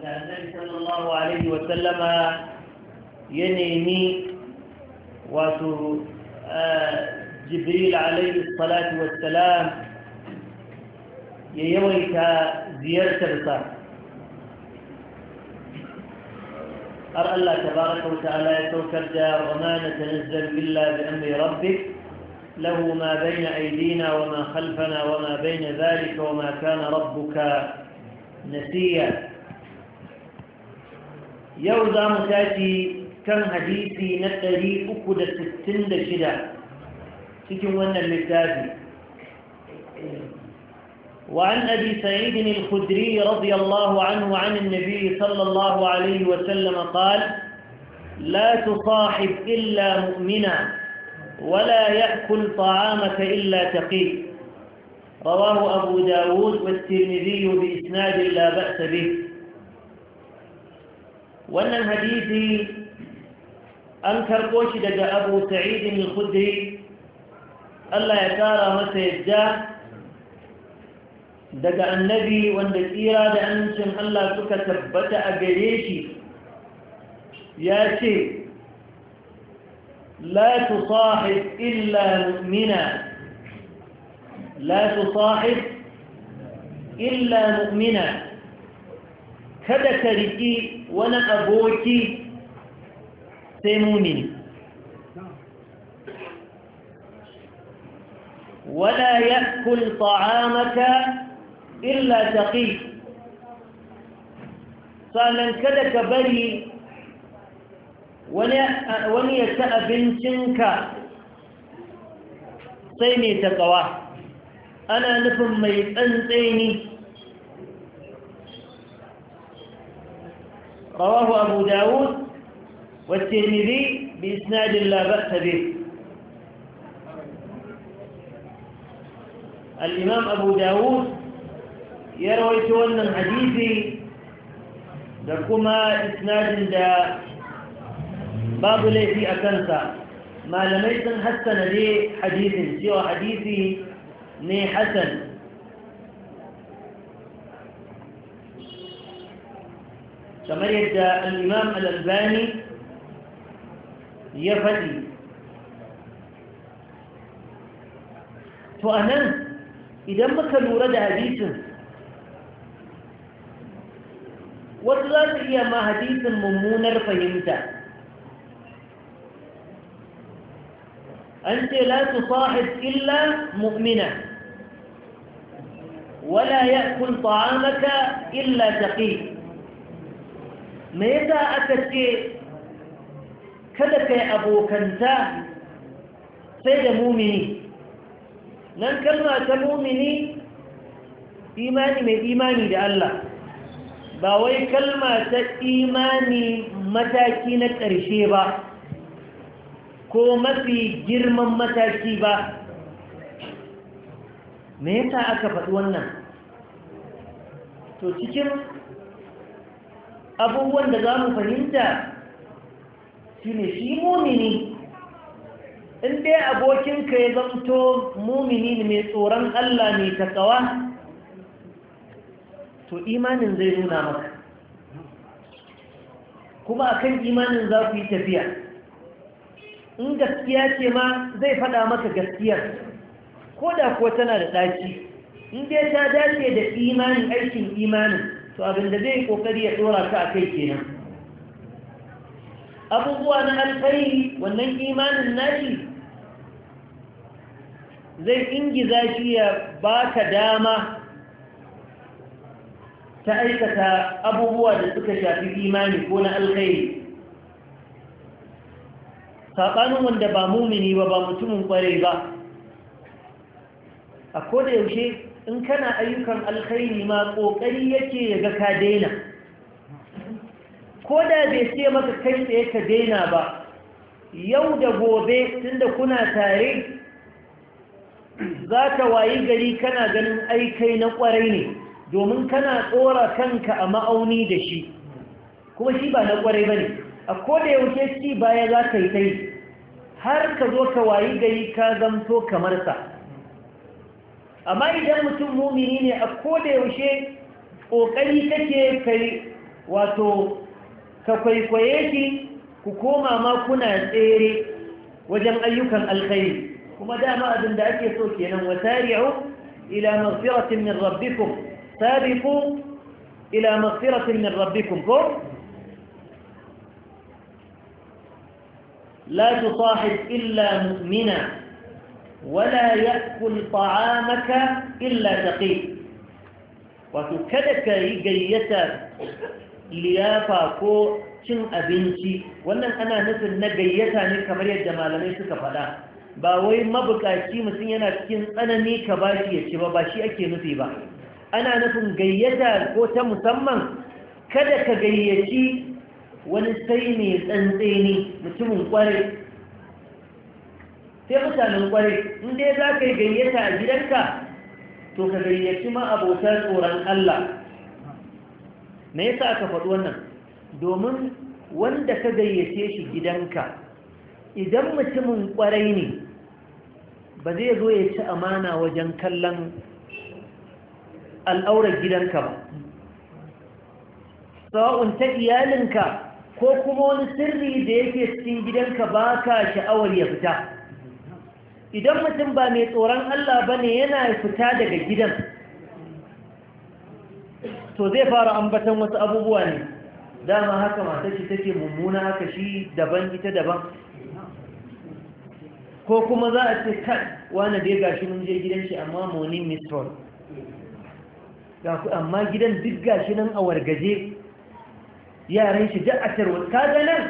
da annabi sallallahu alaihi wa sallama ya nemi wato jibril alaihi salatu wassalam ya yawaita ziyartarsa har Allah tabaraka wa ta'ala ya saukar da ramana tanazzal billa bi amri rabbik له ما بين أيدينا وما خلفنا وما بين ذلك وما كان ربك نسيا yau za mu tashi kan hadisi na 366 cikin wannan littafi وعن أبي سعيد الخدري رضي الله عنه عن النبي صلى الله عليه وسلم قال لا تصاحب إلا مؤمنا ولا يأكل طعامك إلا تقي رواه أبو داود والترمذي بإسناد لا بأس به wannan hadisi an karɓo shi daga abu sa'idin al Allah ya tara masa yadda daga annabi wanda tsira da amincin Allah suka tabbata a gare shi ya ce la tusahib illa mu'mina illa mu'mina kada ka riƙi wani aboki sai mumini ya يأكل طعامك illa taƙi sannan kada ka bari wani ya ci abincinka sai mai taƙawa ana nufin mai tsantseni رواه أبو داود والترمذي بإسناد لا بأس به الإمام أبو داود يروي تولنا حديثي لكما إسناد دا باب ليفي أكنسا ما لم يكن حسن لي حديث سوى حديثي ني حسن كما يدى الإمام الألباني يفدي فأنا إذا ما كان ورد حديثا وثلاث إيا ما حديث ممونا فهمتا أنت لا تصاحب إلا مؤمنا ولا يأكل طعامك إلا تقيه me yasa aka ce kada kai abokanta sai da mumini nan kalma ta mumini imani mai imani da Allah ba wai kalma ta imani mataki na ƙarshe ba ko mafi girman mataki ba me yasa aka faɗi wannan to cikin abubuwan da za mu fahimta shi ne shi mumini in dai abokinka ya zamto mumini mai tsoron Allah ne ta kawa, to imanin zai nuna maka kuma akan imanin za ku yi tafiya in gaskiya ce ma zai faɗa maka gaskiyar ko da kuwa tana da ɗaki. in dai ta dace da imanin aikin imanin to abin da zai kokari ya dora ta akai kenan abubuwa na alfari wannan imanin nashi zai ingi shi ya baka dama ta aikata abubuwa da suka shafi imani ko na alkhairi saɓanin wanda ba mumini ba ba mutumin ƙwarai ba a koda yaushe in kana ayyukan alkhairi ma kokari yake ya ga ka daina ko da bai ce maka kai tsaye ka daina ba yau da gobe tunda kuna tare za ka wayi gari kana ganin aikai na kwarai ne domin kana tsora kanka a ma'auni da shi kuma shi ba na kwarai ba ne a koda yaushe shi baya za ka yi ta har ka zo ka wayi gari ka zamto kamar sa amma idan mutum mumini ne a koda yaushe ƙoƙari kake kai wato ka kwaikwaye shi ku koma ma kuna tsere wajen ayyukan alkhairi kuma dama abin da ake so kenan wa tari'u ila maghfiratin min rabbikum sabiqu ila maghfiratin min rabbikum ko la tusahib illa mu'mina wala yakul ta'amaka illa taqi wato kada ka yi gayyata liyafa ko cin abinci wannan ana nufin na gayyata ne kamar yadda malamai suka faɗa ba wai mabukaci mutum yana cikin tsanani ka ba shi ya ce ba ba shi ake nufi ba ana nufin gayyata ko ta musamman kada ka gayyaci wani sai mai tsantseni mutumin kwarai sai mutanen ƙwarai, in dai za ka yi gayyata a gidanka to ka gayyaci ma abokan tsoron Allah me yasa aka faɗi wannan domin wanda ka gayyace shi gidanka idan mutumin ƙwarai ne ba zai zo ya ci amana wajen kallon al'aurar gidanka ba sawa'un ta iyalinka ko kuma wani sirri da yake cikin gidanka ba ka sha'awar ya fita idan mutum ba mai tsoron Allah ba ne yana fita daga gidan to zai fara ambatan wasu abubuwa ne dama haka matar shi take mummuna haka shi daban ita daban ko kuma za a ce kan da ya gashi mun je gidan shi amma morning mistrol amma gidan duk gashi nan a wargaje yaran shi duk a tarwata Ka nan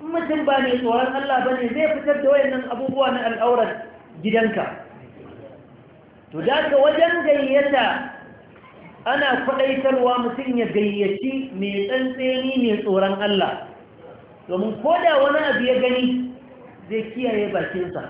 mutum ba mai tsoron Allah ba ne zai fitar da wayannan abubuwa na al'aurar gidanka to da wajen gayyata ana kwaɗaitarwa mutum ya gayyaci mai tsantseni mai tsoron Allah domin da wani abu ya gani zai kiyaye bakinsa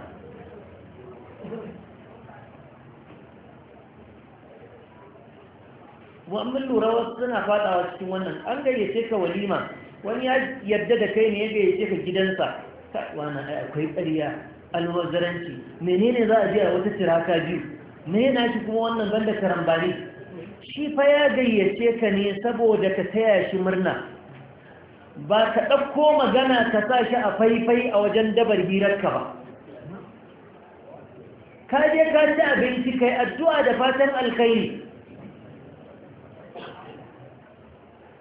wa'amin lura wasu suna faɗawa cikin wannan an gayyace ka walima wani ya yadda da kai ne ya gayyace ka gidansa ta wani akwai ƙariya alwazaranci menene za a je a wata tiraka biyu me na shi kuma wannan banda karambani shi fa ya gayyace ka ne saboda ka taya shi murna ba ka ɗauko magana ka sa shi a faifai a wajen dabar hirarka ba ka je ka ci abinci kai addu'a da fatan alkhairi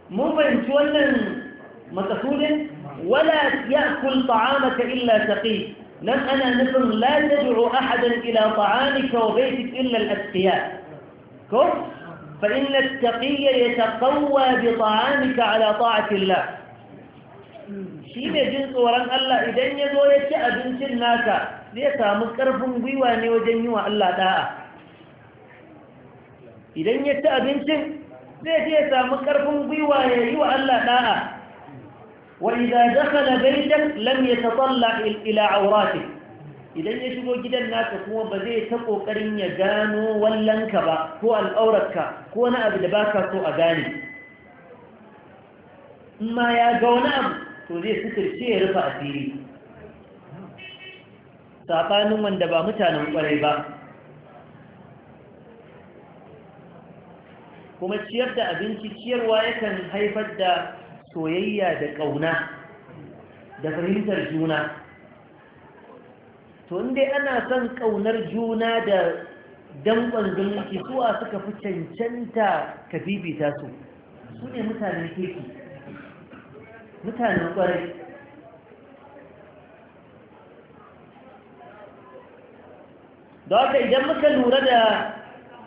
mun fahimci wannan makasudin wala ya kul ta'amaka illa taqi nan ana nufin la tad'u ahadan ila ta'amika wa baytik illa al ko fa inna at-taqiyya yataqawwa bi ta'amika ala ta'ati Allah shi ne jin tsoron Allah idan ya zo ya ci abincin naka zai samu ƙarfin gwiwa ne wajen yi wa Allah da'a idan ya ci abincin zai ya samu ƙarfin gwiwa ya yi wa Allah da'a وإذا دخل بيتك لم يتطلع إلى عوراتك idan ya shigo gidan nasa kuma ba zai ta kokarin ya gano wallanka ba ko al'aurarka ko wani abu da ba so a gane ma ya gauna abu to zai sukarce ya rufe a fili saɓanin wanda ba mutanen ƙwarai ba kuma ciyar da abinci ciyarwa yakan haifar da soyayya da ƙauna da fahimtar juna to inda ana son ƙaunar juna da danƙon zumunci suwa suka fi cancanta ka bibita su su ne mutanen keke mutanen ƙwarai da waka idan muka lura da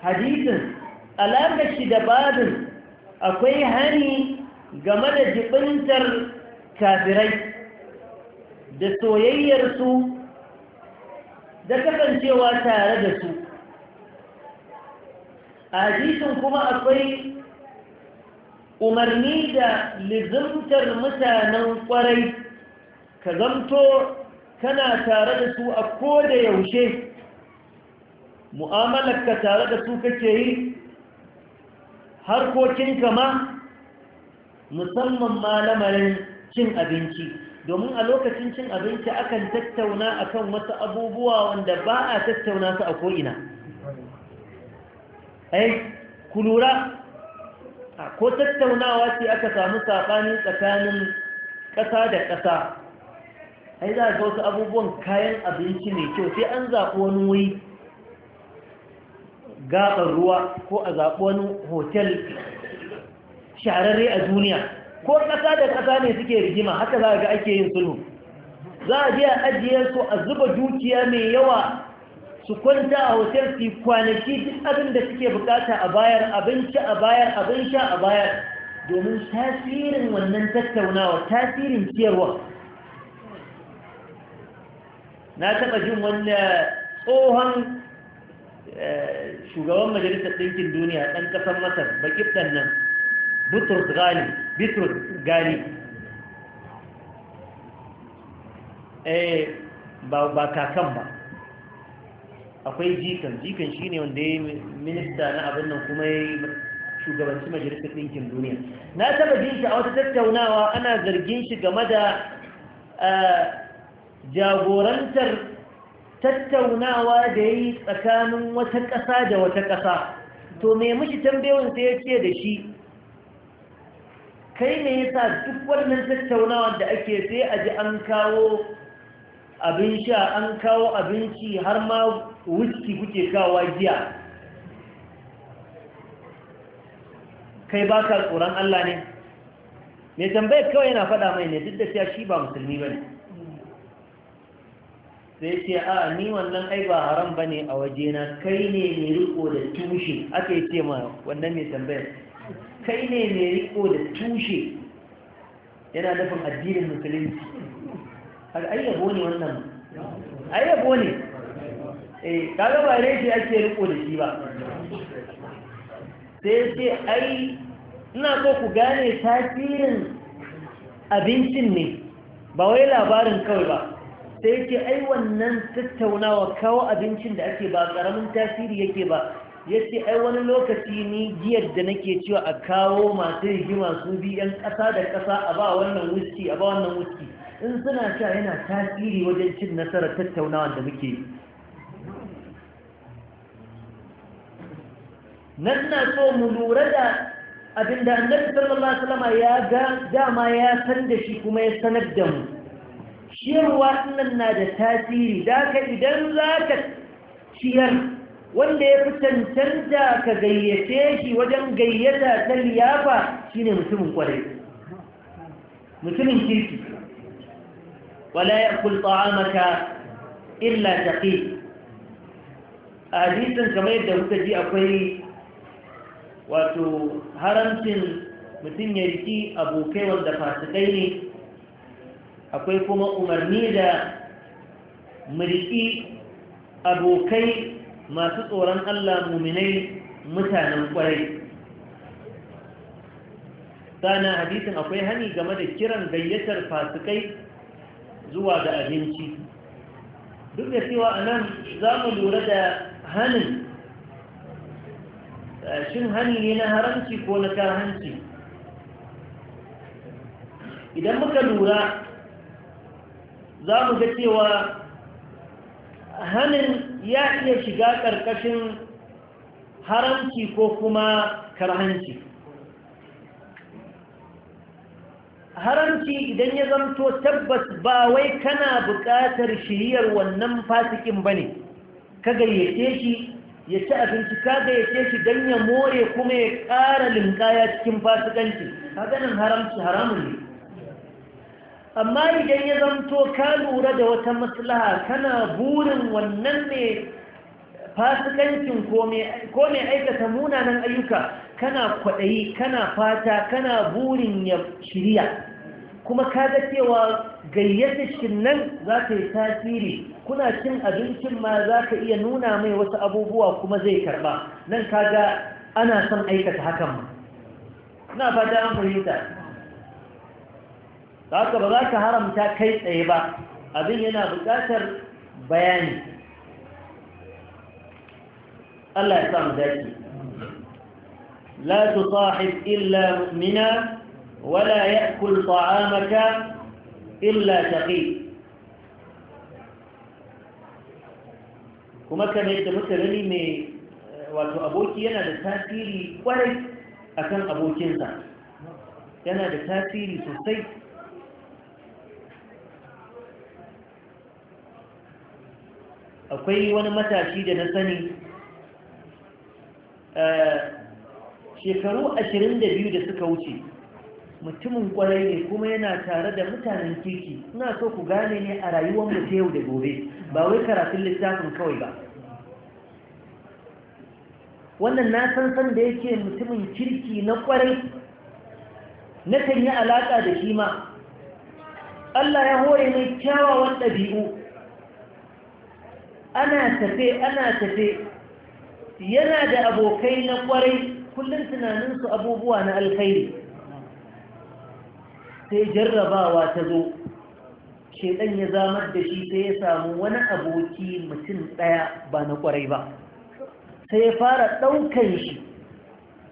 hadisin alaƙar shi da badin akwai hani game da jibintar kafirai da soyayyarsu da kasancewa tare da su a hadisin kuma akwai umarni da lizimtar mutanen kwarai ka zamto kana tare da su a koda yaushe ka tare da su kake yi harkokin kama musamman ma lamarin cin abinci domin a lokacin cin abinci akan tattauna a kan wasu abubuwa wanda ba a tattauna su a ko'ina ai eh, ku lura ko tattaunawa ce aka samu saɓani tsakanin ƙasa da ƙasa ai za ga wasu abubuwan kayan abinci mai kyau sai an zaɓi wani wuri gaɓar ruwa ko a zaɓi wani hotel shararre a duniya ko ƙasa da ƙasa ne suke rigima haka za a ga ake yin sulhu za a je a ajiye su a zuba dukiya mai yawa su kwanta a hotel su kwanaki duk abin da suke bukata a bayar abinci a bayar abin sha a bayar domin tasirin wannan tattaunawa tasirin ciyarwa na taɓa jin wani tsohon eh, shugaban majalisar ɗinkin duniya ɗan ƙasar masar baƙi ɗan nan bitrus gani bitrus gani eh ba ba kakan ba akwai jikan jikan shine wanda ya minista na abin nan kuma ya shugabanci majalisar ɗinkin duniya na taba jin shi a wata tattaunawa ana zargin shi game da eh, jagorantar tattaunawa da ya yi tsakanin wata ƙasa da wata ƙasa to me mashi tambayoyin sai ya ce da shi kai ne ya sa duk wannan tattaunawa da ake sai a ji an kawo abin sha an kawo abinci har ma wuski kuke kawo giya kai ba ka tsoron Allah ne mai tambayar kawai yana faɗa mai ne duk da siya shi ba musulmi ba ne sai ce a ni wannan ai ba haram ba ne a waje na. kai ne mai riko da tushe aka yi ce ma wannan mai tambayar kai ne mai riko da tushe yana dafa addinin musulunci har ayyabo ne wannan ayyabo ne eh kaga ba ne shi ake riko da shi ba sai sai ai ina so ku gane tasirin abincin ne ba wai labarin kawai ba sai ce ai wannan tattaunawa kawo abincin da ake ba ƙaramin tasiri yake ba ya ce ai wani lokaci ni giyar da nake cewa a kawo masu rigima su bi yan ƙasa da ƙasa a ba wannan wuski a ba wannan wuski in suna sha yana tasiri wajen cin nasarar tattaunawa da muke yi nan na so mu lura da abin da annabi sallallahu alaihi wasallam ya ga dama ya san da shi kuma ya sanar da mu ruwa nan na da tasiri da ka idan zaka ciyar wanda ya fi tantanta ka gayyace shi wajen gayyata ta liyafa shine mutumin kwarai mutumin kirki wala kulta amata illa taqi a hadisun kamar yadda kuka ji akwai wato haramcin mutum ya riki abokai wanda fasikai ne akwai kuma umarni da mulki abokai masu tsoron Allah muminai mutanen kwarai sana hadisin akwai hani game da kiran gayyatar fasikai zuwa da abinci duk da cewa a za mu lura da hannun eh, shin hani ne na haramci ko na karhanci idan muka lura za mu ga cewa Hannun ya iya shiga ƙarƙashin haramci ko kuma karhanci haramci idan ya zanto tabbas ba wai kana buƙatar shiriyar wannan fasikin ba ne ka gayyace shi ya ci abinci ka gayyace shi don ya more kuma ya ƙara linkaya cikin fasikanci ka haramci haramun ne amma idan ya zamto ka lura da wata maslaha kana burin wannan ne fasikancin ko mai aikata munanan ayyuka kana kwaɗayi kana fata kana burin ya shirya kuma ka ga cewa gayyata shin nan za ka yi tasiri kuna cin abincin ma za ka iya nuna mai wasu abubuwa kuma zai karba nan ka ga ana son aikata hakan ma na fata an fahimta da haka ba za ka haramta kai tsaye ba abin yana bukatar bayani Allah ya samu dace la tusahib illa mu'mina wala ya'kul ta'amaka illa taqi kuma kamar yadda muka rani mai wato aboki yana da tasiri kwarai akan abokinsa yana da tasiri sosai akwai wani matashi da na sani eh, shekaru ashirin da biyu da suka wuce mutumin kwarai ne kuma yana tare da mutanen kirki suna so ku gane ne a rayuwar mu ta yau da gobe ba wai karatun littafin kawai ba wannan na san san da yake mutumin kirki na kwarai na kan yi alaƙa da shi ma Allah ya hore mai kyawawan ɗabi'u ana tafe ana tafe yana da abokai na kwarai kullum tunaninsu abubuwa na alkhairi sai jarrabawa ta zo shedan ya zamar da shi sai ya samu wani aboki mutum daya ba na kwarai ba sai ya fara daukan shi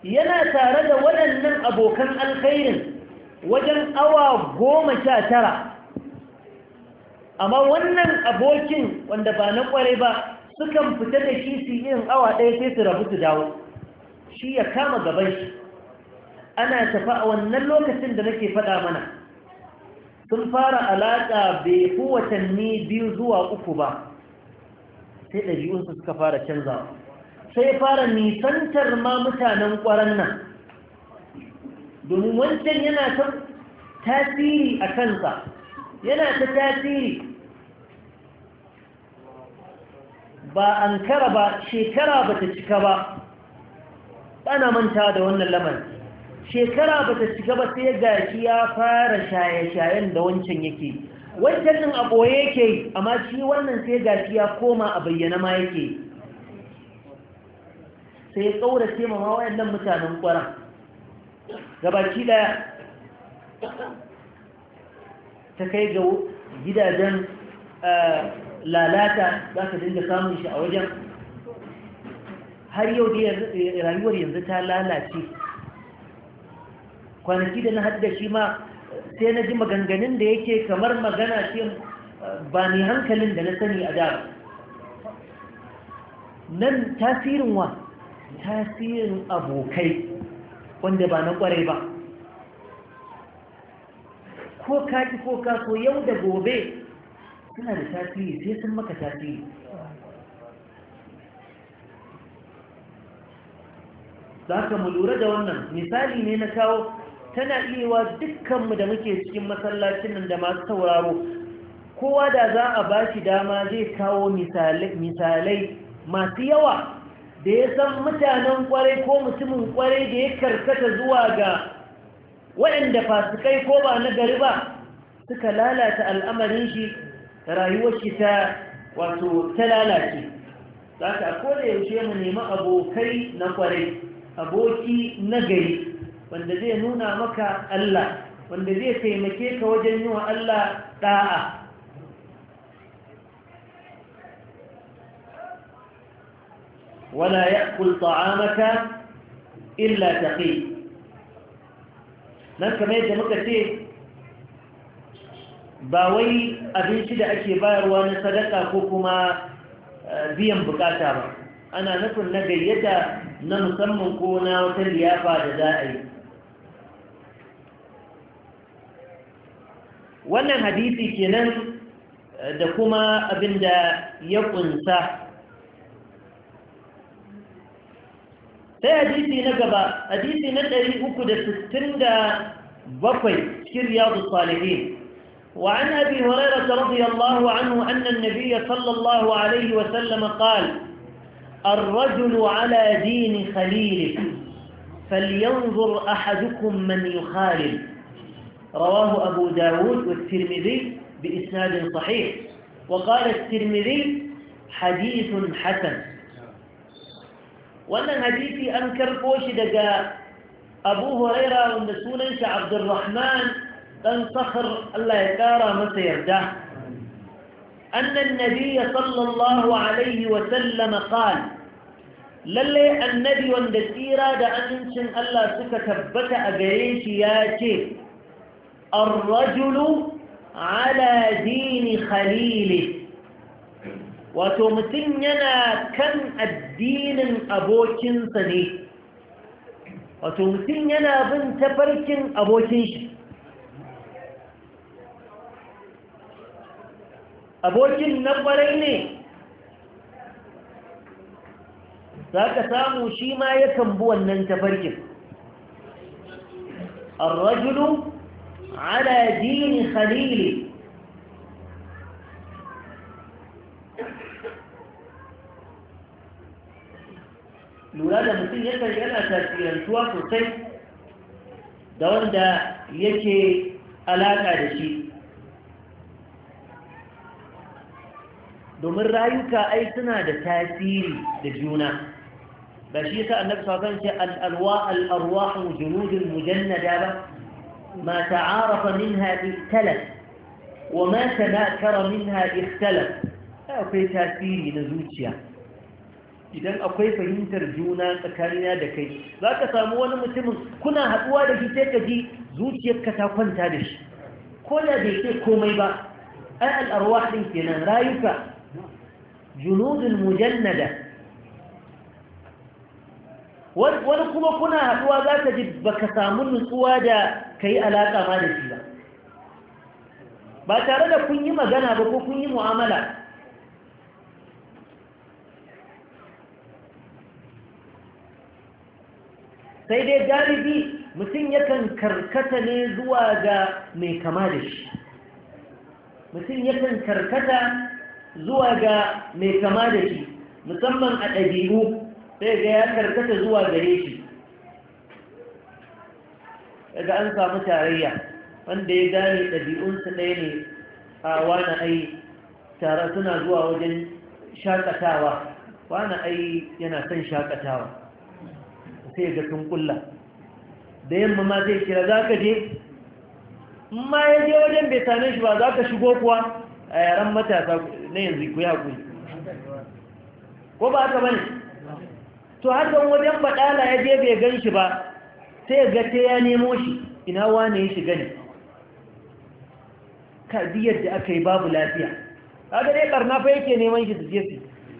yana tare da waɗannan abokan alkhairin wajen awa goma sha tara amma wannan abokin wanda ba na kware ba sukan fita da shi su yin awa ɗaya sai su rabu su dawo shi ya kama gaban shi ana tafa a wannan lokacin da nake faɗa mana sun fara alaƙa bai fi watanni biyu zuwa uku ba sai ɗabi'unsu suka fara canzawa sai fara nisantar ma mutanen ƙwaron nan domin wancan yana ta tasiri a kansa yana ta tasiri ba an kara ba shekara ba ta cika ba ana manta da wannan lamar shekara ba ta cika ba sai gashi ya fara shaye-shayen da wancan yake wancan nan a ɓoye yake amma shi wannan sai gashi ya koma a bayyana ma yake sai ya ƙaurace ma waɗannan mutanen ƙwara gabaki ɗaya ta kai ga gidajen eh, lalata za ka dinga samun shi a wajen har yau da eh, rayuwar yanzu ta lalace kwanaki da na hadda shi ma sai na ji maganganun da yake kamar magana ce eh, ba ne hankalin da na sani a da nan tasirin wa tasirin abokai wanda ba na kwarai ba ko kaki ko kaso yau da gobe suna da tasiri sai sun maka tasiri za ka mu lura da wannan misali ne na kawo tana iya dukkanmu da muke cikin masallacin nan da masu sauraro kowa da za a ba shi dama zai kawo misalai masu yawa da ya san mutanen kwarai ko mutumin kwarai da ya karkata zuwa ga waɗanda fasikai ko ba na gari ba suka lalata al'amarin shi rayuwar shi ta wato ta lalace za ka koda yaushe mu nemi abokai na kwarai aboki na gari wanda zai nuna maka Allah wanda zai taimake ka wajen yi wa Allah ɗa'a ولا يأكل illa ta تقي nan kamar yadda muka ce ba wai abinci da ake bayarwa na sadaka ko kuma eh, biyan bukata ba ana nufin na gayyata na musamman ko na wata liyafa da za a yi wannan hadisi kenan eh, da kuma abin da ya kunsa sai hadisi na gaba hadisi na ɗari da bakwai, cikin riyadu salihin وعن أبي هريرة رضي الله عنه أن النبي صلى الله عليه وسلم قال الرجل على دين خليله فلينظر أحدكم من يخالل رواه أبو داود والترمذي بإسناد صحيح وقال الترمذي حديث حسن وأن حديثي أنكر karɓo أبو هريرة abu huraira عبد الرحمن ɗan sakar Allah ya kara masa yarda annan nabiya sallallahu alaihi sallama ƙal lallai annabi wanda tsira da amincin Allah suka tabbata a gare shi ya ce arrajulu ala dini khalili wato mutum yana kan addinin abokinsa ne wato mutum yana bin tafarkin abokin abokin na ƙwarai ne za ka samu shi ma yakan bi wannan tafarkin الرجل ala jini khalili lura da mutum ya kan yana tafiyantuwa sosai da wanda yake alaƙa da shi domin rayuka ai suna da tasiri da juna ba shi yasa annabi sallallahu alaihi wasallam ce al alwa al-arwah junud al mujannada ba ma ta'arafa minha ikhtalaf wa ma tanakara minha ikhtalaf akwai tasiri na zuciya idan akwai fahimtar juna tsakanina da kai zaka samu wani mutumin kuna haduwa da shi sai ka ji zuciyarka ta kwanta da shi ko da bai ce komai ba ai al-arwah din kenan rayuka junudul mujannada wani kuma kuna haɗuwa za ka ji ba ka samu nutsuwa da ka yi alaƙa ma da shi ba ba tare da kun yi magana ba ko kun yi mu'amala sai dai galibi mutum yakan karkata ne zuwa ga mai kama da shi mutum yakan karkata zuwa ga mai kama da shi musamman a ɗabi'u sai ga ya karkata zuwa gare shi daga an samu tarayya wanda ya gane ɗabi'unsa ɗaya ne a wani ai tare suna zuwa wajen shakatawa wani ai yana son shakatawa sai ga sun kulla da yamma ma zai kira za ka je ma ya je wajen bai same shi ba za ka shigo kuwa a yaren matasa na yanzu ku ya kuyi ko ba aka bane to har don wajen baɗala ya je bai gan shi ba sai ga ta ya nemo shi ina wane ya shiga ne kadiyar da aka yi babu lafiya kaga dai ƙarna fa yake neman shi su je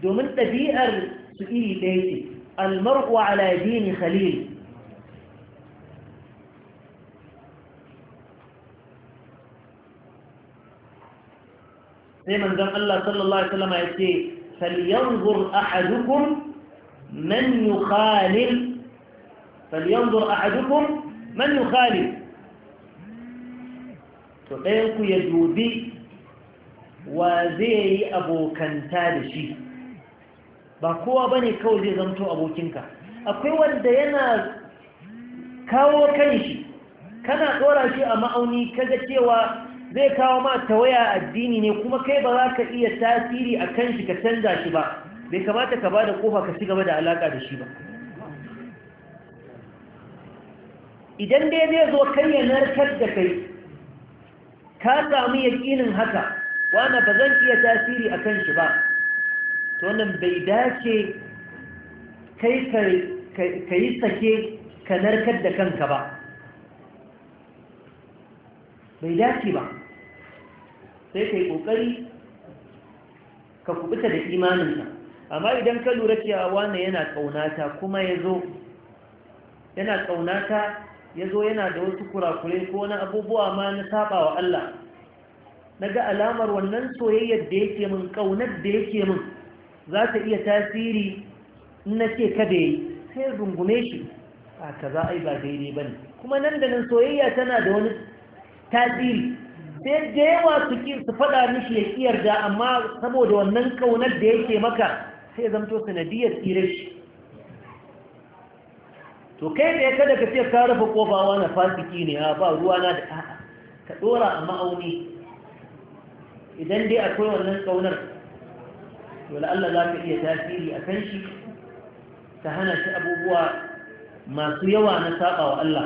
domin ɗabi'ar su iri ɗaya ce almar'u ala dini khalil sai manzon Allah sallallahu alaihi wasallam ya ce falyanzur ahadukum man yukhalil falyanzur ahadukum man to ɗayan ya dubi wa zai yi abokanta da shi ba kowa bane kawai zai zanto abokinka akwai wanda yana kawo shi kana ɗora shi a ma'auni kaga cewa zai kawo ma tawaya addini ne kuma kai ba za ka iya tasiri a kan shi ka canza shi ba bai kamata ka ba da kofa ka ci gaba da alaka da shi ba idan dai zai zo kai ya narkar da kai ka samu yaƙinin haka wana ba zan iya tasiri a kan shi ba to wannan bai dace kai ka yi sake ka narkar da kanka ba bai dace ba sai ka yi ƙoƙari ka kubuta da imaninka amma idan ka lura cewa wane yana ƙaunata kuma ya zo yana ƙaunata ya zo yana da wasu kurakure ko na abubuwa ma na saba wa Allah na ga alamar wannan soyayyar da yake min ƙaunar da yake min za ta iya tasiri na ce kada yi sai rungume shi a kaza yi ba daidai ba ne kuma nan da nan soyayya tana da wani tasiri sai da yawa su faɗa mishi ya ƙiyar yarda amma saboda wannan ƙaunar da yake maka sai zamto sanadiyar tsire shi to kai ne kada ka ce ka rufe kofawa na fasiki ne a ba ruwa na da a'a ka ɗora a ma'auni idan dai akwai wannan ƙaunar to la'alla za ka iya tasiri a kan shi ta hana shi abubuwa masu yawa na saɓa wa Allah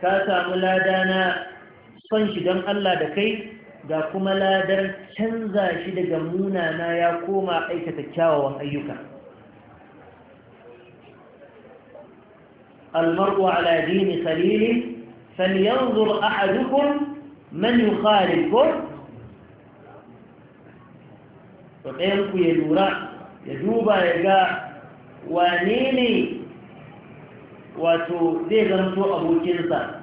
ka samu lada na son shi don Allah da kai ga kuma ladar canza shi daga munana ya koma aikata kyawawan ayyuka almar'u ala dini khalili falyanzur ahadukum man yukhalifukum to ɗayan ku ya lura ya duba ya ga wane ne wato zai zanto abokinsa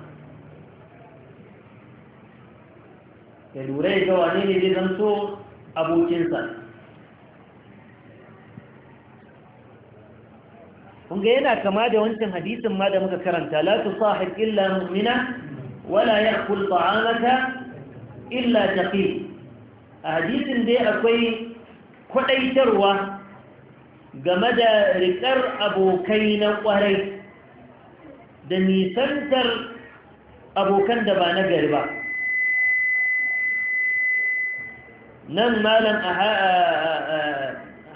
ya lura ya ga wane ne zan zanto abokinsa kunga yana kama da wancan hadisin ma da muka karanta la sahib illa mu'mina wala ya'kul ta'amaka illa taqi a hadisin dai akwai kwadaitarwa game da rikar abokai na kwarai da nisantar abokan da ba na gari ba nan malam a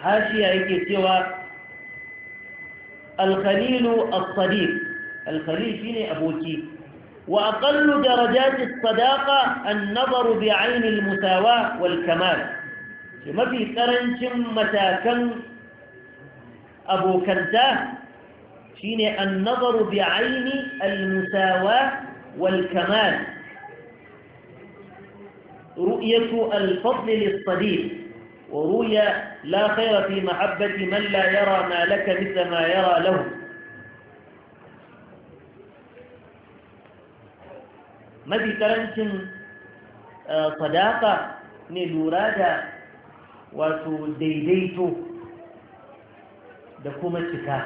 hashiya yake cewa alkhalilu al sadiq alkhalil shine aboki wa aqallu darajati as-sadaqa an-nazaru bi'ayn al-mutawa wal-kamal shi mafi karancin matakan abokanta shine an-nazaru bi'ayn al-mutawa wal-kamal رؤية الفضل للصديق ورؤية لا خير في محبة من لا يرى ما لك مثل ما يرى له ما في ترنش آه، صداقة نلورادة وتديديت دكومة كتاب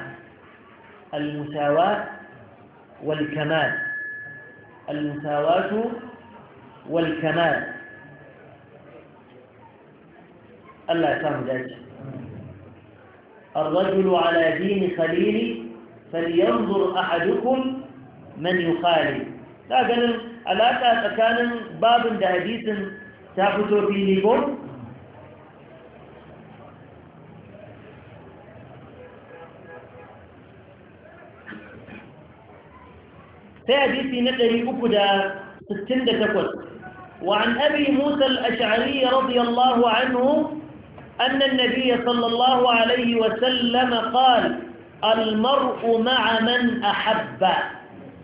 المساواة والكمال المساواة والكمال Allah ya الرجل على دين خليلي فلينظر أحدكم من يخالي لكن ألا كان باب ده حديث تافتو في ليبون في حديثي نقري أكدا ستندة وعن أبي موسى الأشعري رضي الله عنه أن النبي صلى الله عليه وسلم قال المرء مع من أحب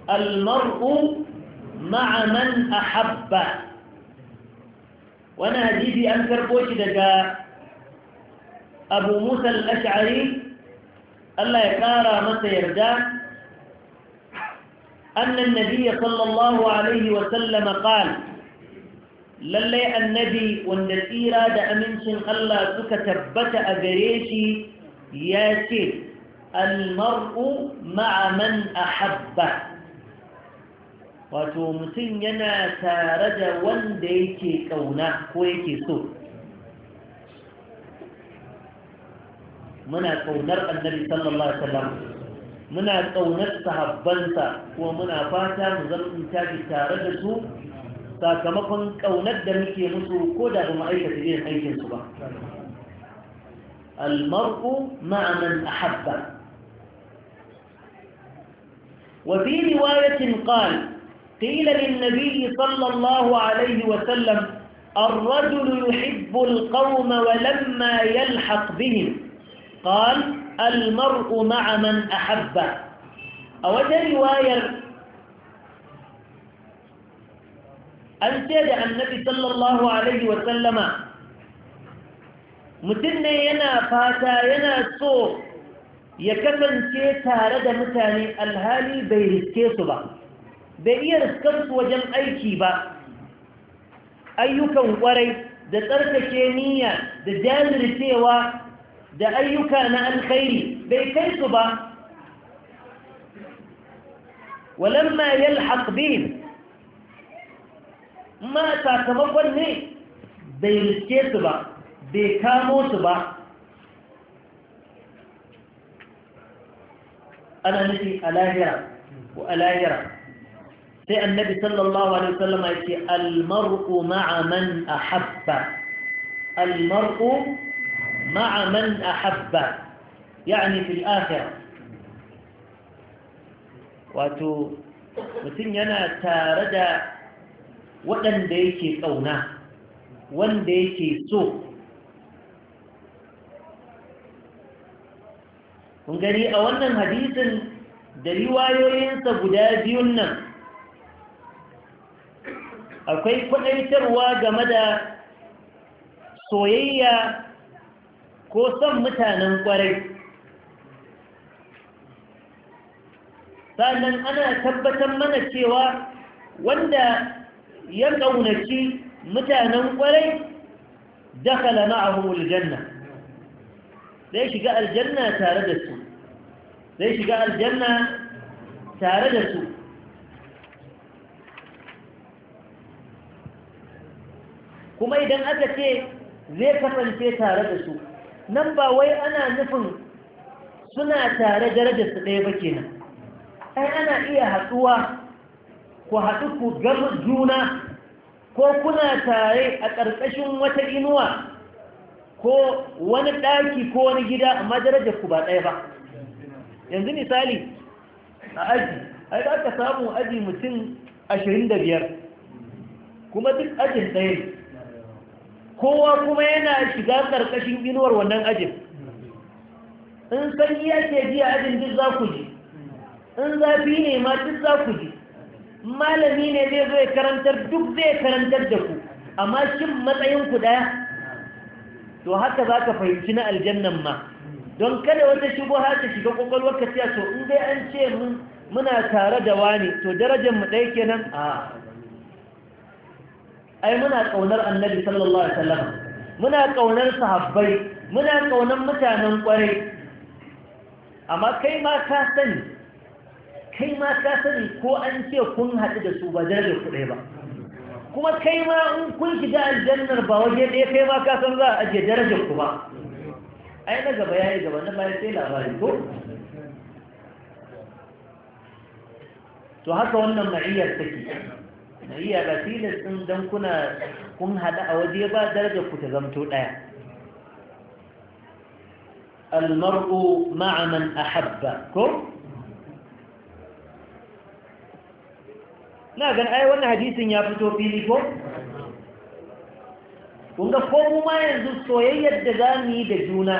المرء مع من أحب وأنا هديدي أنكر تربوش أبو موسى الأشعري ألا يكارى متى يرجع أن النبي صلى الله عليه وسلم قال lallai annabi wanda tsira da amincin Allah suka tabbata a gare shi ya ce almar'u ma'a a habba. wato mutum yana tare da wanda yake ƙauna ko yake so muna ƙaunar annabi sallallahu alaihi muna ƙaunar sahabbansa kuma muna fata mu zama tashi tare da su sakamakon ƙaunar da muke musu ko da ba ma'aikata irin aikinsu ba almar'u ma'aman ahabba وفي رواية قال قيل للنبي صلى الله عليه وسلم الرجل يحب القوم ولما يلحق بهم قال المرء مع من أحبه أود رواية an ce da annabi sallallahu alaihi wasallama mutum ne yana fata yana so ya kasance tare da mutane alhali bai riske su ba bai iya riskarsu wajen aiki ba ayyukan kwarai da tsarkake niyya da jajircewa da ayyuka na alkhairi bai kai su ba walamma yalhaq bihim ma sakamakon ne bai riske su ba bai kamo su ba ana nufi alahira ko alahira sai annabi sallallahu alaihi wasallama yake almar'u ma'a man ahabba almar'u ma'a man ahabba yani fil akhirah wato mutum yana tare da waɗanda yake tsauna wanda yake so kun gani a wannan hadisin da riwayoyinsa guda biyun nan akwai kwaɗaitarwa game da soyayya ko son mutanen ƙwarai sannan ana tabbatar mana cewa wanda ya ƙaunaci mutanen ƙwarai dakala ma'ahum aljanna zai shiga aljanna tare da su zai shiga aljanna tare da su kuma idan aka ce zai kasance tare da su nan ba wai ana nufin suna tare darajarsu ɗaya ba kenan ai ana iya haɗuwa ku haɗu ku gama juna ko kuna tare a ƙarƙashin wata inuwa ko wani ɗaki ko wani gida amma darajar ku ba ɗaya ba yanzu misali a aji ai za ka samu aji mutum ashirin da biyar kuma duk ajin ɗaya ne kowa kuma yana shiga ƙarƙashin inuwar wannan ajin in sanyi ake ji a ajin duk za ku ji in zafi ne ma duk za ku ji malami ne zai zo ya karantar duk zai karantar da ku amma shin matsayin ku daya to haka za ka fahimci na aljannan ma don kada wata har ta shiga kwakwalwar ka ce to in dai an ce mun muna tare da wani to darajar mu ɗaya kenan a ai muna ƙaunar annabi sallallahu alaihi wasallam muna ƙaunar sahabbai muna ƙaunar mutanen ƙwarai amma kai ma ka sani kai ma ka sani ko an ce kun haɗu da su ba darajar kuɗai ba kuma kai ma in kun shiga aljannar ba waje ɗaya kai ma ka san za a ajiye darajar ku ba ai na gaba yi gaba na bayan sai labari ko to haka wannan ma'iyyar take ma'iyyar ba tilas sun dan kuna kun haɗu a waje ba darajar ku ta zamto ɗaya المرء مع من أحبه كم na gan ai wannan hadisin ya fito fili ko kunga ko mu ma yanzu soyayyar da za mu yi da juna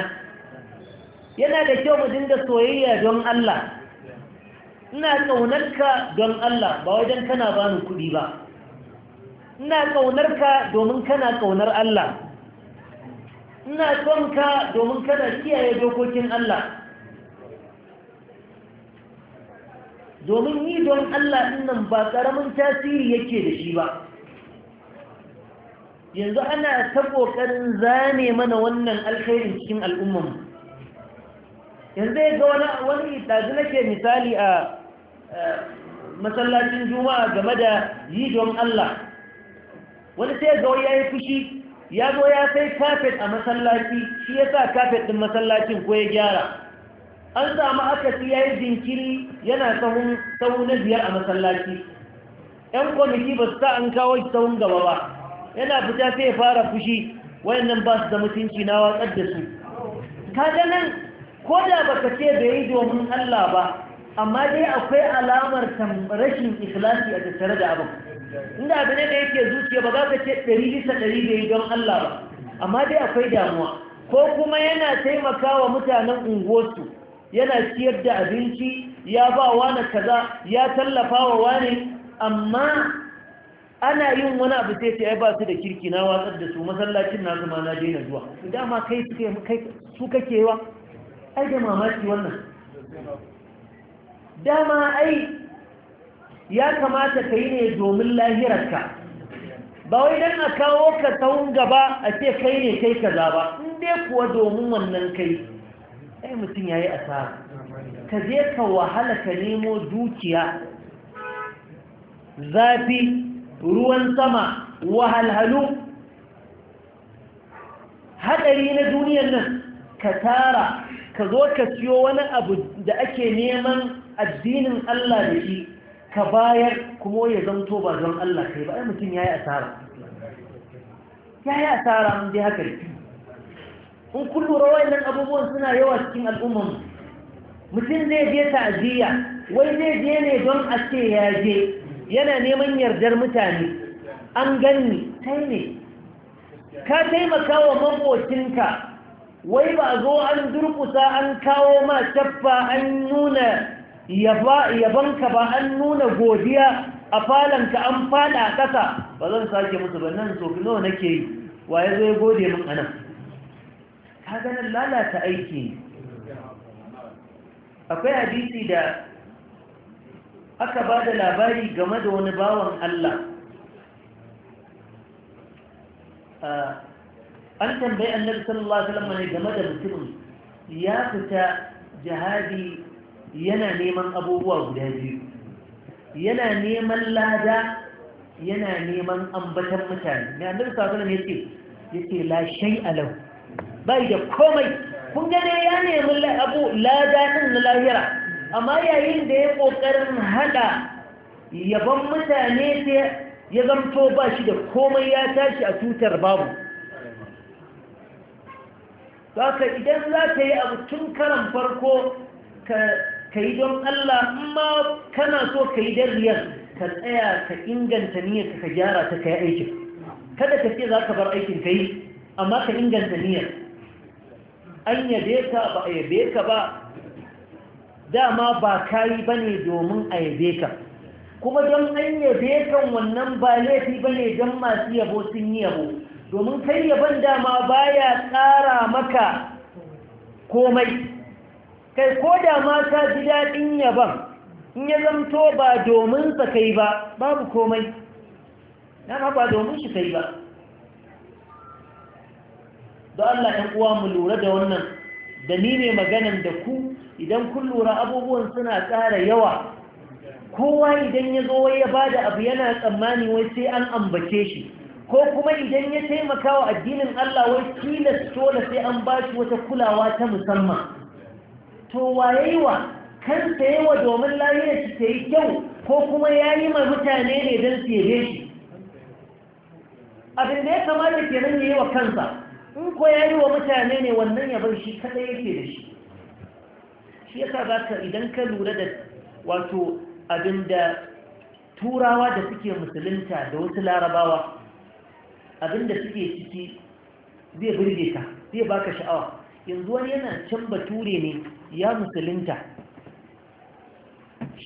yana da kyau mu dinga soyayya don Allah ina ƙaunarka don Allah ba wajen kana ba ni kuɗi ba ina ƙaunarka domin kana ƙaunar Allah ina son ka domin kana kiyaye dokokin Allah domin yi don Allah ɗin nan ba ƙaramin tasiri yake da shi ba yanzu ana ta ƙoƙarin zane mana wannan alkhairin cikin al'umman yanzu ya ga wani ɗazu nake misali a masallacin juma'a game da yi don Allah wani sai ga wani ya yi fushi ya zo ya sai kafet a masallaci shi ya sa kafet ɗin masallacin ko ya gyara an samu aka ya yi jinkiri yana sahun na biyar a masallaci ‘yan kwamiti ba su ta an kawo shi tsawon gaba ba yana fita sai ya fara fushi wayannan ba su da mutunci na watsar da su ga nan ko da ba ka ce da yi domin Allah ba amma dai akwai alamar rashin ikhlasi a tattare da abin inda abu ne da yake zuciya ba za ka ce ɗari bisa ɗari da yi don Allah ba amma dai akwai damuwa ko kuma yana taimakawa mutanen unguwarsu yana siyar da abinci ya ba wani kaza ya tallafa wa wani amma ana yin wani abu sai sai ba su da kirki na watsar da su masallacin na zama na daina zuwa dama kai su kake wa ai da mamaki wannan dama ai ya kamata ka yi ne domin lahirarka ba wai don a kawo ka tsawon gaba a ce kai ne kai kaza ba in dai kuwa domin wannan kai ai mutum ya yi asara ka je ka wahala ka nemo dukiya zafi ruwan sama wahalhalu haɗari na duniyar nan ka tara ka zo ka siyo wani abu da ake neman addinin Allah da shi ka bayar kuma ya zanto ba zan Allah kai ba ai mutum ya yi asara ya yi asara mun je haka kun kullum rawar nan abubuwan suna yawa cikin al'umman mutum zai je ta'aziyya wai zai je ne don a ce ya je yana neman yardar mutane an gani kai ne ka taimaka wa maƙocinka wai ba zo an durkusa an kawo ma tabba an nuna yabanka ba an nuna godiya a ka? an fada ƙasa ba zan sake musu ba nan so nawa nake yi wa ya ya gode min anan ta ganin lalata aiki akwai hadisi da aka ba da labari game da wani bawan Allah an tambayi annabi sallallahu alaihi wasallam game da mutumin ya fita jihadi yana neman abubuwa guda biyu yana neman lada yana neman ambatan mutane ne annabi sallallahu alaihi wasallam yake yake la shay'a lahu bai da komai kun ga ya nemi abu ladanin na lahira amma yayin da ya ƙoƙarin haɗa yaban mutane sai ya zamto ba shi da komai ya tashi a tutar babu ka idan za ka yi abu tun karan farko ka yi don Allah amma kana so ka yi don riyar ka tsaya ka inganta niyyar ka gyara ta ka yi aikin kada ka ce za ka bar aikin ka yi amma ka inganta niyyar an yabe ka ba a yabe ka ba dama ba kayi ba ne domin a yabe ka kuma don an yabe kan wannan ba laifi ba ne don masu yabo sun yi yabo domin kai yaban dama ba ya tsara maka komai kai ko da ma ka ji daɗin yaban in ya zamto ba domin sa kai ba babu komai na ba domin shi kai ba don Allah ɗan uwa mu lura da wannan da ni ne maganan da ku idan kun lura abubuwan suna tsara yawa kowa idan ya zo ya ba da abu yana tsammani wai sai an ambace shi ko kuma idan ya taimaka wa addinin Allah wai tilas dole sai an ba shi wata kulawa ta musamman to waye wa kansa yawa domin lafiyar shi ta yi kyau ko kuma ya yi ma mutane ne don tsere shi abin da ya kamata kenan ya yi wa kansa in ko ya yi wa mutane ne wannan ya bar shi kaɗai yake da shi shi yasa za ka idan ka lura da wato abinda turawa da suke musulunta da wasu larabawa abinda suke ciki zai birge ka zai baka sha'awa yanzu wani yana can bature ne ya musulunta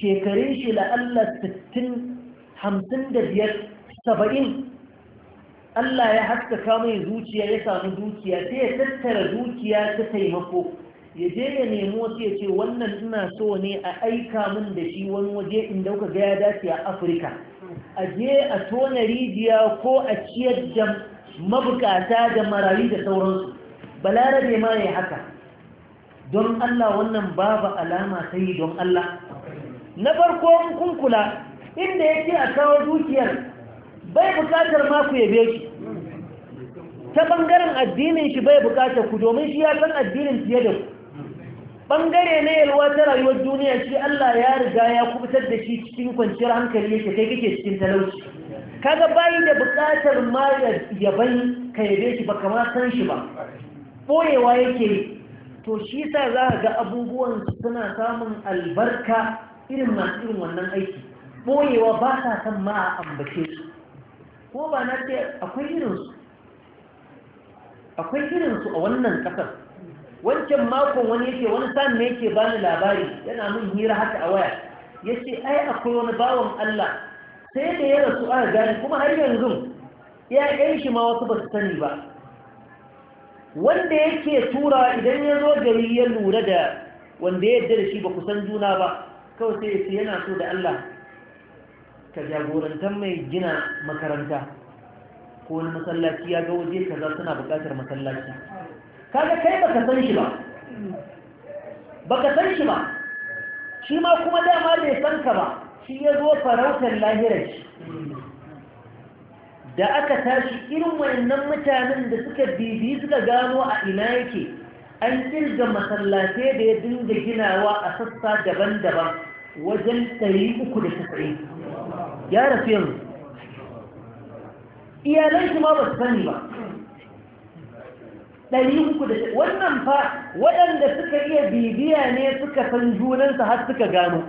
shekarun shi la'alla 60 55 70 Allah ya haskaka mai zuciya ya samu dukiya sai ya tattara dukiya ta taimako ya je ya nemo sai ya ce wannan ina so ne a aika min da shi wani waje in dauka ga ya dace a Afirka a je a tona rijiya ko a ciyar da mabukata da marayu da sauransu balarabe ma ya haka don Allah wannan babu alama sai don Allah na farko kunkula, inda yake a kawo dukiyar bai bukatar ma ku yabe shi ta ɓangaren addinin shi bai bukatar ku domin shi ya san addinin fiye da ku bangare na yalwa ta rayuwar duniya shi Allah ya riga ya kubutar da shi cikin kwanciyar hankali yake kai kake cikin talauci kaga bai da bukatar ma yaban ka yabe shi ba kamar san shi ba boyewa yake to shi sa za ga abubuwan suna samun albarka irin masu irin wannan aiki boyewa ba sa san ma a ambace su ko ba na ce akwai irinsu akwai irinsu a wannan ƙasar wancan makon wani yake wani san ne yake bani labari yana min hira haka a waya ya ce ai akwai wani bawan Allah sai da ya rasu aka gani kuma har yanzu ya shi ma wasu ba su sani ba wanda yake tura idan ya zo gari ya lura da wanda ya yarda da shi ba ku san juna ba kawai sai yana so da Allah ka jagorantar mai gina makaranta ko wani masallaci ya ga waje kaza suna buƙatar masallaci kada kai baka san shi ba baka san shi ba shi ma kuma dama bai san ka ba shi ya zo farautar lahirar shi da aka tashi irin wannan mutanen da suka bibi suka gano a ina yake an kirga masallatai da ya dinga ginawa a sassa daban-daban wajen ɗari uku da tasa'in ya rasu yanzu iyalan shi ma ba su sani ba ɗari uku da wannan fa waɗanda suka iya bibiya ne suka san junansa har suka gano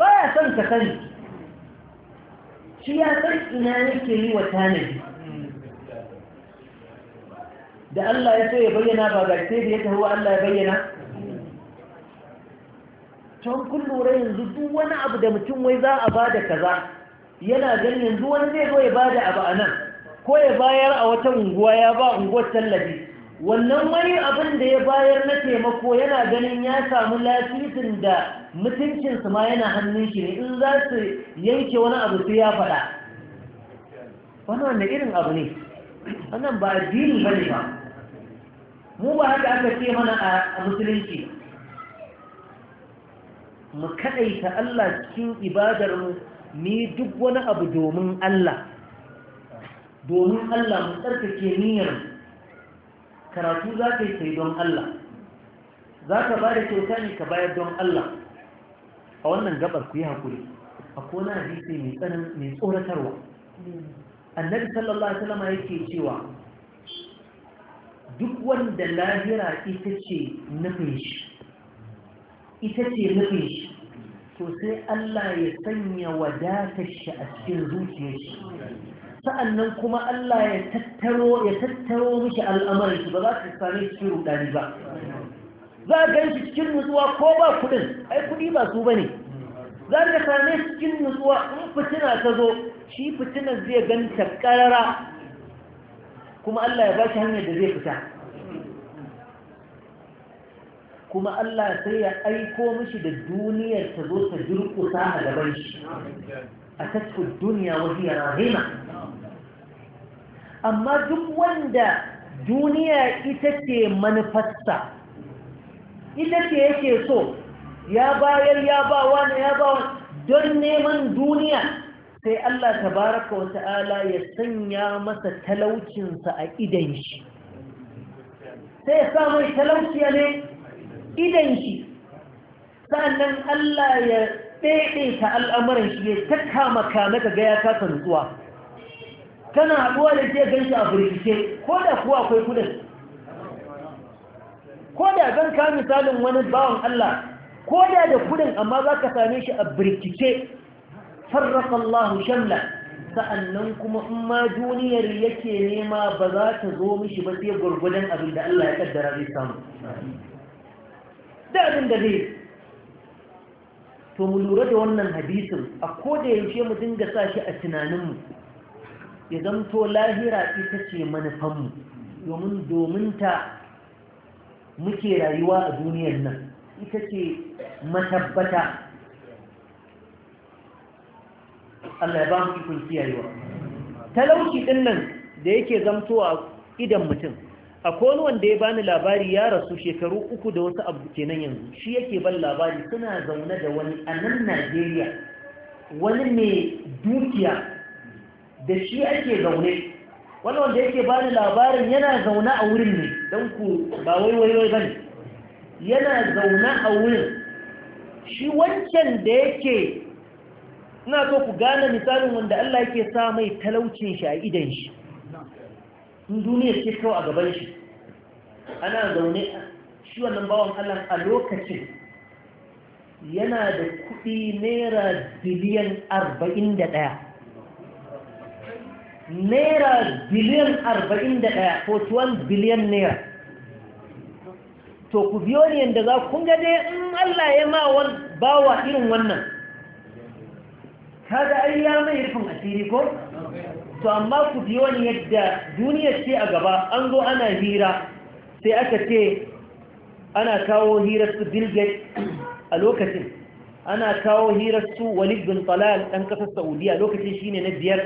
ba ya son ka sani shi ya san ina yake yi wa tanadi da Allah ya so ya bayyana ba ga sai da ya taho Allah ya bayyana can kun lura yanzu duk wani abu da mutum wai za a bada kaza yana ganin yanzu wani zai zo ya bada abu a nan ko ya bayar a wata unguwa ya ba unguwar tallafi wannan wani abin da ya bayar na taimako yana ganin ya samu lafifin da mutuncinsu ma yana hannun shi ne in za su yanke wani abu su ya faɗa wani wanda irin abu ne wannan ba addini ba ne ba mu ba haka aka ce mana a musulunci mu kaɗaita Allah cikin ibadar mu ni duk wani abu domin Allah domin Allah mu tsarkake niyyar karatu za ka yi sai don Allah za ka ba da kyauta ne ka bayar don Allah a wannan gabar ku yi hakuri a kona hadisi mai tsanan mai tsoratarwa annabi sallallahu alaihi wasallam yake cewa duk wanda lahira ita ce nufin shi ita ce nufin shi to sai Allah ya sanya wadatar shi a cikin zuciyar shi sa'annan kuma Allah ya tattaro ya tattaro mishi al'amarin ba za su same shi rudani ba za a gan cikin nutsuwa ko ba kudin ai kudi ba su bane za ka same cikin nutsuwa in fitina ta zo shi fitinar zai ganta karara kuma Allah ya ba shi hanyar da zai fita kuma Allah sai ya aiko mishi da duniyar ta zo ta durƙusa a gaban shi a tasfin duniya wajen rahima amma duk wanda duniya ita ce manufarsa ita ce yake so ya bayar ya ba wani ya ba don neman duniya sai Allah tabaraka wa ta'ala ya sanya masa talaucinsa a idan shi sai ya samun talauci ne idan shi sa'annan Allah ya ta al'amuran shi ya ta kama kame ka gaya ya kasa nutsuwa kana haɗuwa da ke shi a birkice ko da kuwa akwai kudin ko da zan ka misalin wani bawan Allah ko da da kudin amma za ka same shi a birkice Allah shamla sa'annan kuma in ma duniyar yake nema ba za ta zo mishi ba sai gwargwadon abin da Allah ya kaddara zai samu da abin da zai to mu lura da wannan hadisin a koda yaushe mu dinga sa shi a tunaninmu ya zamto lahira ita ce manufanmu domin domin ta muke rayuwa a duniyar nan ita ce matabbata Allah ya ba mu ikon kiyayewa talauci ɗin nan da yake zamtowa idan mutum akwai wanda ya bani labari ya rasu shekaru uku da wasu abu kenan yanzu shi yake ban labari suna zaune da wani a nan najeriya wani mai dukiya da shi ake zaune wani wanda yake bani labarin yana zaune a wurin ne don ku ba wai ba ne yana zaune a wurin shi wancan da yake na so ku gane misalin wanda Allah yake sa mai talaucin shi a idan shi in duniyar ke kawai a gaban shi ana zaune shi wannan bawan Allah a lokacin yana da kuɗi naira biliyan arba'in da ɗaya naira biliyan arba'in da ɗaya 41 biliyan naira to ku biyo ne yadda za ku gane in Allah ya ma bawa irin wannan kada ai ya mai rufin asiri ko to amma ku biyo ni yadda duniya ce a gaba an zo ana hira sai aka ce ana kawo hirar su a lokacin ana kawo hirar su walid bin talal ɗan ƙasar saudiya lokacin ne na biyar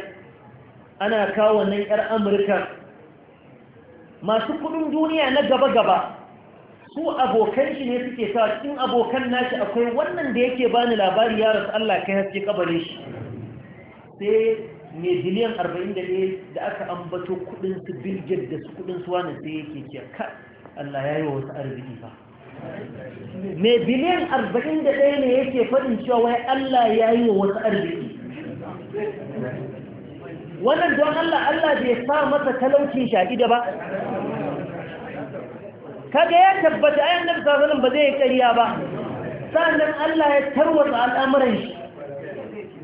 ana kawo nan 'yar amurka masu kudin duniya na gaba-gaba su abokan shi ne suke sa cikin abokan nashi akwai wannan da yake bani labari ya rasu Allah kai haske kabarin shi sai mai biliyan 41 da aka ambato kudinsu su da su kudin su wani sai yake ce ka Allah ya yi wa wasu arziki ba mai biliyan 41 ne yake faɗin cewa wai Allah ya yi wa wasu arziki wannan don Allah Allah bai sa masa talaucin shaƙida ba kaga ya tabbata ayan da sasanin ba zai ƙarya ba sa'annan Allah ya tarwata al'amuran shi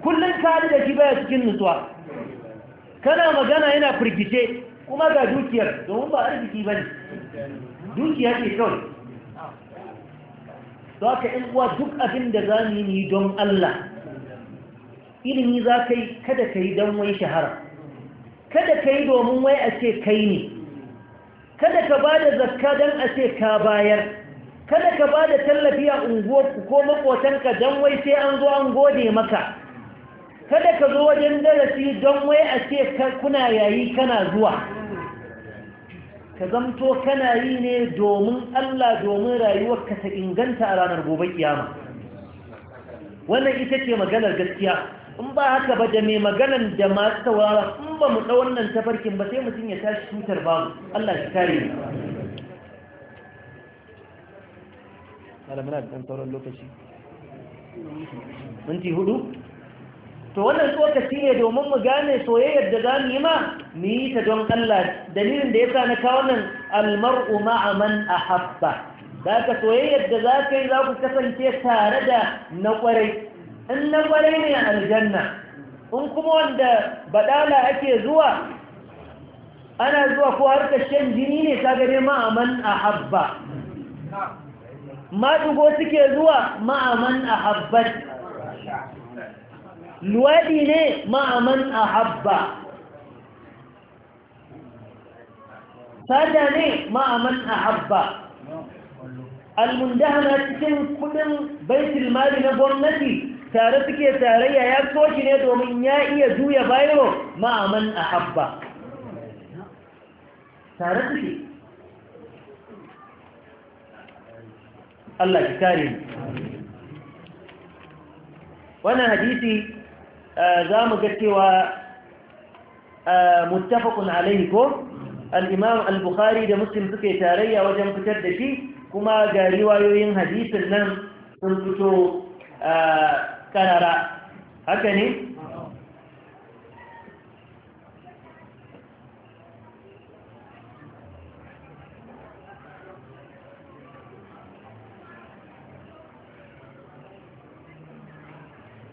kullum ka da shi baya cikin nutsuwa kana magana yana firgice kuma ga dukiyar domin ba arziki ba ne dukiya ce kawai za ka uwa duk abin da za mu yi don Allah ilimi za ka yi kada ka yi don wai shahara kada ka yi domin wai a ce kai ne kada ka ba da zakka don a ce ka bayar kada ka ba da tallafi a unguwarku ko makotanka don wai sai an zo an gode maka kada ka zo wajen darasi don wai a ce kuna yayi kana zuwa ka zamto kana yi ne domin Allah domin rayuwar ka ta inganta a ranar gobe kiyama wannan ita ce maganar gaskiya in ba haka ba da mai maganar da masu saurara in ba mu ɗau wannan tafarkin ba sai mutum ya tashi cutar ba Allah shi kare mu da ɗan lokaci hudu to wannan tsokaci ne domin mu gane soyayyar da za mu yi ma mu yi ta don Allah dalilin da ya sa na kawo nan almar'u ma'a man ahabba da ka soyayyar da za ka yi za ku kasance tare da na kwarai in na kwarai ne aljanna in kuma wanda badala ake zuwa ana zuwa ko har shan jini ne ka gane ma'a man ahabba maɗugo suke zuwa ma'a man ahabbat luwaɗi ne ma'aman a habba sada ne ma'aman a habba almundahana cikin kudin baitul mali na gwamnati tare suke tarayya ya soci ne domin ya iya juya bayo ma'aman a habba tare suke Allah ki kare wannan hadisi za mu ga cewa mutafakun alaihi ko al al-bukhari da muslim suke tarayya wajen fitar da shi kuma ga riwayoyin hadisin nan sun fito karara haka ne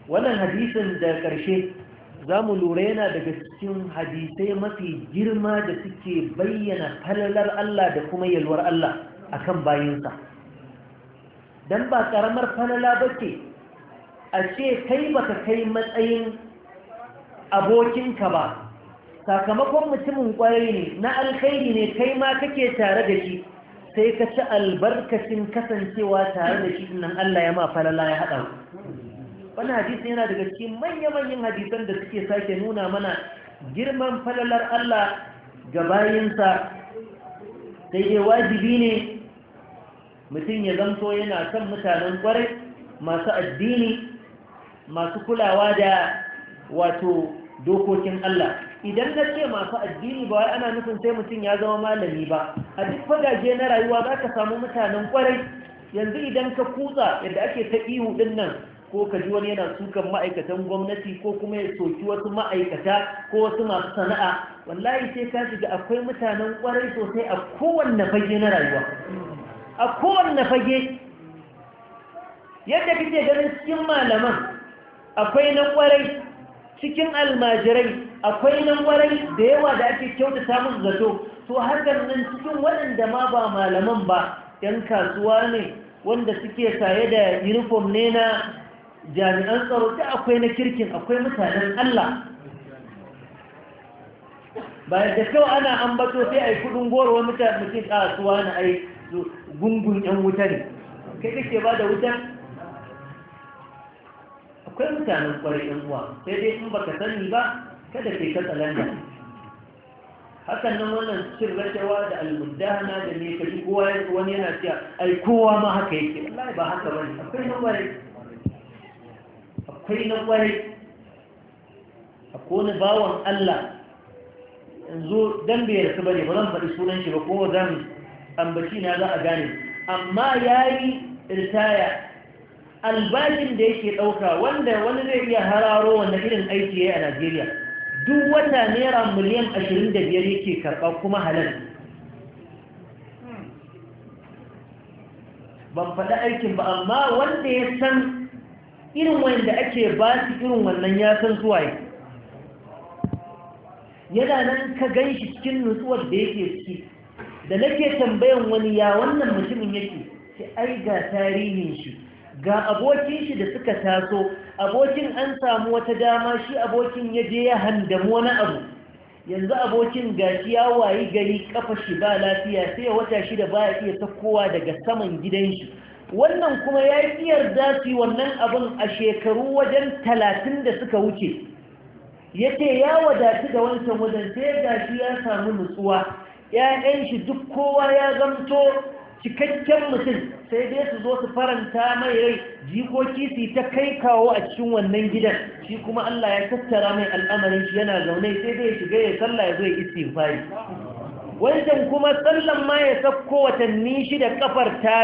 wannan hadisin da ƙarshe za mu lura yana daga cikin hadisai mafi girma da suke bayyana falalar Allah da kuma yalwar Allah a kan bayinsa don ba ƙaramar falala ba ce a ce kai baka kai matsayin abokinka ba sakamakon mutumin ƙwarai ne na alkhairi ne kai ma kake tare da shi sai ka ci albarkacin kasancewa tare da shi nan Allah ya ma falala ya haɗa wannan hadisi yana daga cikin manya-manyan hadisan da suke sake nuna mana girman falalar Allah ga bayinsa sai dai wajibi ne mutum ya zanto yana son mutanen kwarai masu addini masu kulawa da wato dokokin Allah idan ka ce masu addini ba wai ana nufin sai mutum ya zama malami ba a duk fagaje na rayuwa za ka samu mutanen kwarai yanzu idan ka kutsa yadda ake ta ihu din nan ko ka ji wani yana sukan ma'aikatan gwamnati ko kuma ya soki wasu ma'aikata ko wasu masu sana'a wallahi sai ka shiga akwai mutanen kwarai sosai a kowanne fage na rayuwa a kowanne fage yadda kake ganin cikin malaman akwai na kwarai cikin almajirai akwai na kwarai da yawa da ake kyautata musu zato to hakan nan cikin waɗanda ma ba malaman ba 'yan kasuwa ne wanda suke saye da uniform ne na jami'an tsaro sai akwai na kirkin akwai mutanen Allah Ba da kyau ana ambato sai a yi kudin gorowar mutane mutum a na ai gungun 'yan wuta ne kai kake ba da wuta akwai mutanen kwarai 'yan uwa sai dai in baka sani ba kada ke tsalanda hakan nan wannan cin rashawa da almuddana da ne kaji kowa wani yana cewa ai kowa ma haka yake wallahi ba haka bane akwai na akwai na kwarai a kone bawan Allah yanzu don bai ba ne ba zan faɗi sunan shi ba ko za mu ambaci na za a gane amma ya yi ritaya albashin da yake ɗauka wanda wani zai iya hararo wanda irin aiki ya yi a Najeriya duk wata naira miliyan 25 yake karɓa kuma halal ban faɗi aikin ba amma wanda ya san irin wanda ake ba su irin wannan ya san suwaye yana nan ka gan shi cikin nutsuwar da yake ciki da nake tambayan wani ya wannan mutumin yake sai ai ga tarihin shi ga abokin shi da suka taso abokin an samu wata dama shi abokin ya je ya handamu wani abu yanzu abokin shi ya wayi gari kafa shi ba lafiya sai wata shida ba ya iya kowa daga saman gidan shi wannan kuma ya yi yarda su wannan abin a shekaru wajen talatin da suka wuce ya ce ya wadatu da wancan wajen sai ga shi ya samu nutsuwa ‘ya'yan shi duk kowa ya zamto cikakken mutum sai dai su zo su faranta mai rai jikoki su ta kai kawo a cikin wannan gidan shi kuma Allah ya tattara mai al'amarin shi yana zaune sai dai shiga ya sallah ya zo ya istighfari wancan kuma sallan ma ya sakko watanni shida kafar ta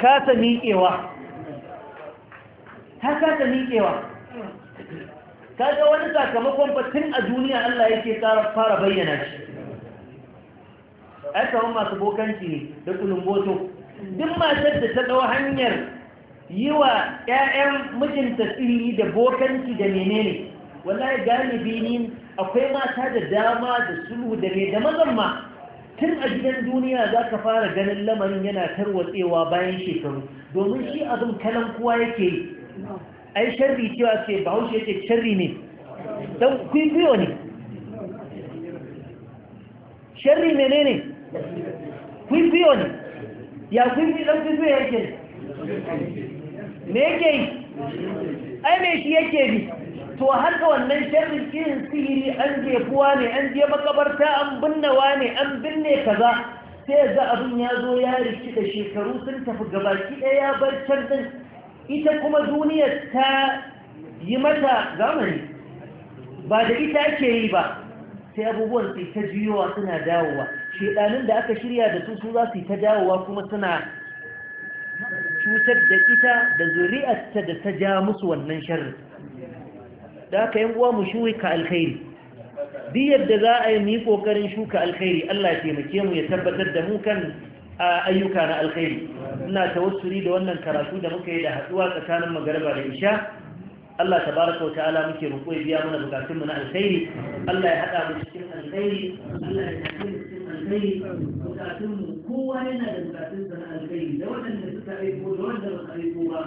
kasa miƙewa ta kasa miƙewa kaga wani sakamakon batun a duniya Allah yake fara bayyana shi aikawan masu bokanci ne da boto duk matar da ta ɗau hanyar yi wa 'ya'yan mijinta tsiri da bokanci da menene wallahi galibi ne akwai mata da dama da sulhu da mai da mazan tun a gidan duniya za ka fara ganin lamarin yana tarwatsewa bayan shekaru domin shi abin kalan kuwa yake yi ai sharri cewa ce ba bahaushe yake sharri ne don kwikwiyo ne sharri mene ne kwikwiyo ne ya kwikwi ɗan kwikwiyo yake ne me yake yi ai me shi yake bi to har da wannan sharrin irin sihiri an jefuwa ne an je makabarta an binnewa ne an binne kaza sai yanzu abin ya zo ya riki da shekaru sun tafi gabaki ɗaya ya bar can din ita kuma duniyar ta yi mata zamani ba da ita ake yi ba sai abubuwan sai ta juyowa suna dawowa shedanin da aka shirya da su su za su yi ta dawowa kuma suna cutar da ita da zuri'arta da ta ja musu wannan sharrin da aka yan uwa mu shuka alkhairi duk da za a yi mu yi kokarin shuka alkhairi Allah ya taimake mu ya tabbatar da mu kan ayyuka na alkhairi ina tawassuri da wannan karatu da muka yi da haduwa tsakanin magaraba da isha Allah tabaraka wa ta'ala muke mu koyi biya mana bukatun mu na alkhairi Allah ya hada mu cikin alkhairi Allah ya hada mu cikin alkhairi bukatun mu kowa yana da bukatunsa na alkhairi da wanda suka aiko da wanda ba su aiko ba